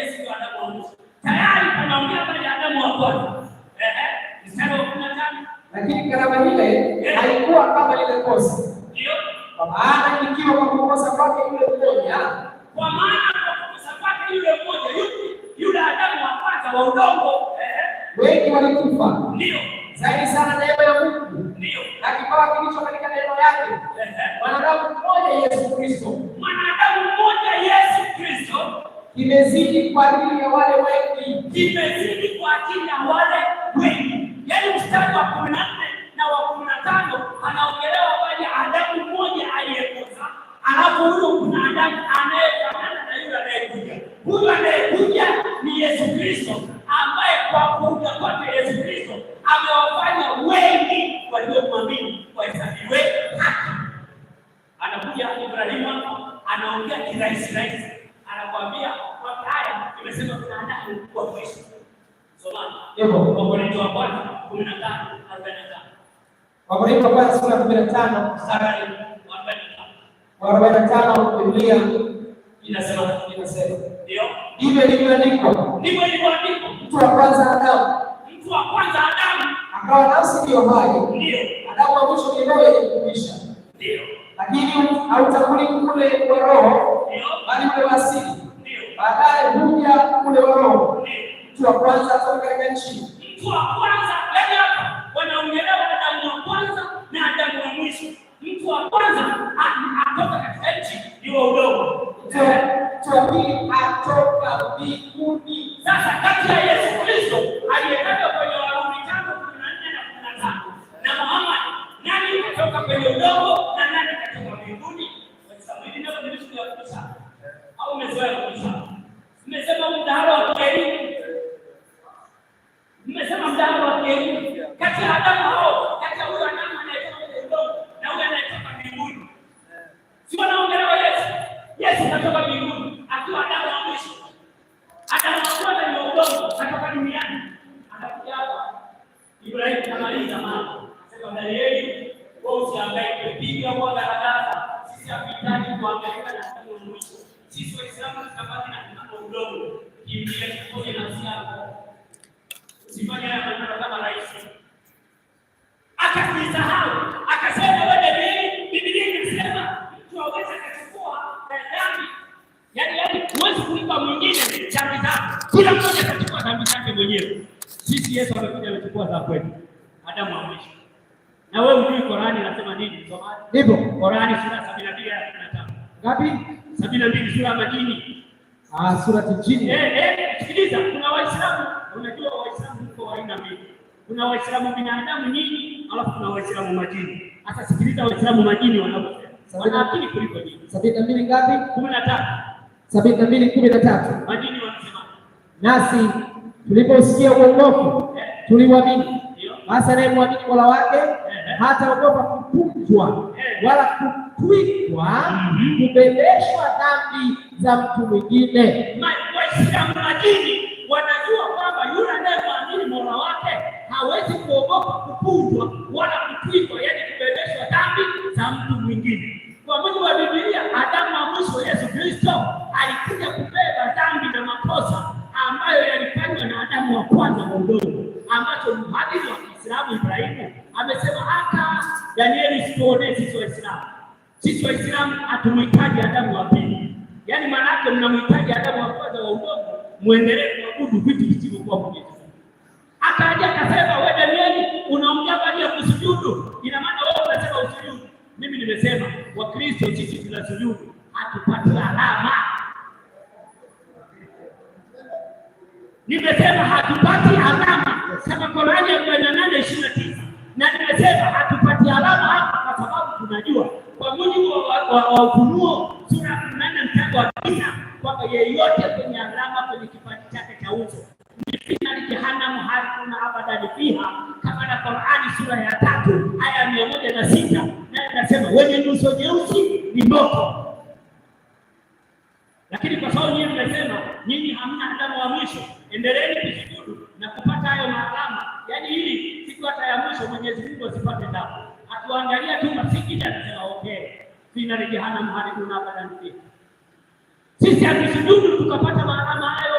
tuangalie siku Adamu wa mwisho. Tayari tunaongea habari ya Adamu wa kwanza. Ehe, mstari wa 15. Lakini karama ile haikuwa kama ile kosa. Ndio. Kwa maana ikiwa kwa kukosa kwake yule mmoja, kwa maana kwa kukosa kwake yule mmoja yupi? Yule Adamu wa kwanza wa udongo. Ehe. Wengi walikufa. Ndio. Zaidi sana neema ya Mungu. Ndio. Na kipawa kilicho katika neema yake. Mwanadamu mmoja Yesu Kristo. Mwanadamu mmoja Yesu kimezidi kwa ajili ya wale wengi, kimezidi kwa ajili ya wale wengi. Yaani mstari wa kumi na nne na wa kumi na tano anaongelewa pale Adamu mmoja aliyekosa, alafu huyo kuna Adamu anayefanana na yule anayekuja. Huyu anayekuja ni Yesu Kristo, ambaye kwa kuja kwake Yesu Kristo amewafanya wengi waliomwamini wahesabiwe haki. Anakuja Ibrahimu anaongea kirahisi rahisi, anakwambia kuwa Kristo. Somani Wakorintho wa kwanza kumi na tano arobaini na tano Wakorintho wa kwanza sura kumi na tano mstari wa arobaini na tano Biblia inasema inasema ndio ndivyo ilivyoandikwa, ndivyo ilivyoandikwa, mtu wa kwanza Adamu, mtu wa kwanza Adamu akawa nafsi ndiyo hai, ndio Adamu wa mwisho ni roho yenye kuisha, ndio lakini hautanguli kule wa roho, bali ule asili baadaye huja ule Waroma, mtu wa kwanza kutoka katika nchi, mtu wa kwanza yaani, hapa wanaongelea Adamu wa kwanza na Adamu wa mwisho. Mtu wa kwanza atoka katika nchi iwa udogo, mtu wa pili atoka mbinguni. Sasa kati ya Yesu Kristo aliyetoka kwenye Warumi tano kumi na nne na kumi na tano na Muhammad, nani katoka kwenye udogo? mama sema Danieli, wewe usihangaike, piga mwanga haraka. Sisi hatuhitaji kuhangaika na kimo mwisho. Sisi Waislamu tunabaki na mpango mdogo, kimbia kifoni nafsi yako, usifanye haya maneno kama rais akasisahau, akasema wewe Danieli, Biblia inasema mtu aweza kuchukua dhambi, yaani yaani huwezi kuipa mwingine dhambi zako, kila mmoja atachukua dhambi zake mwenyewe. Sisi Yesu amekuja amechukua za kwetu. Adamu wa mwisho. Na wewe unajui Qur'ani inasema nini? Msomaji. Ndipo Qur'ani sura sabini na aya ya na tano. Ngapi? Sabini na mbili majini. Ah, sura ya tijini. Eh, eh, sikiliza kuna Waislamu, unajua Waislamu kwa aina mbili. Kuna Waislamu binadamu nyinyi, alafu kuna Waislamu majini. Sasa sikiliza Waislamu majini wanaposema. Wana akili kuliko nyinyi. 72 na mbili ngapi? 13. na tatu. Majini wanasema. Nasi tuliposikia uongofu, eh. tuliwaamini hasa anayemwamini Mola wake hata ugopa kupunjwa wala kutwikwa mhm. kubebeshwa dhambi za mtu mwingine. Waislamu majini wanajua kwamba yule anayemwamini Mola wake hawezi kuogopa kupunjwa wala tuonee sisi Waislamu. Sisi Waislamu hatumhitaji Adamu wa pili, yaani yake mnamhitaji Adamu wa kwanza wa udongo, muendelee kuabudu vitu visivyokuwa Mwenyezi Mungu. Akaja akasema, wewe Danieli unaongea habari ya kusujudu, ina maana wewe unasema usujudu. Mimi nimesema Wakristo sisi tunasujudu, hatupati alama. Nimesema hatupati alama, sema Qurani ya 48:29 na nimesema hatupati alama hapa tunajua kwa mujibu wa Ufunuo sura ya nane mtango wa tisa kwamba yeyote kwenye alama kwenye kipande chake cha uso ni jehanamu harikuna abadani fiha, kama na Qur'ani sura ya tatu aya mia moja na sita naye nasema wenye nyuso nyeusi ni moto. Lakini kwa sababu nyinyi mmesema nyinyi hamna Adamu wa mwisho, endeleeni kushukuru na kupata hayo maalama, yaani hili siku hata ya mwisho Mwenyezi Mungu asipate tabu kuangalia tu masikiti anasema okay, vinarejehana mahali kuna badani. Sisi hatusujudu tukapata maana hayo.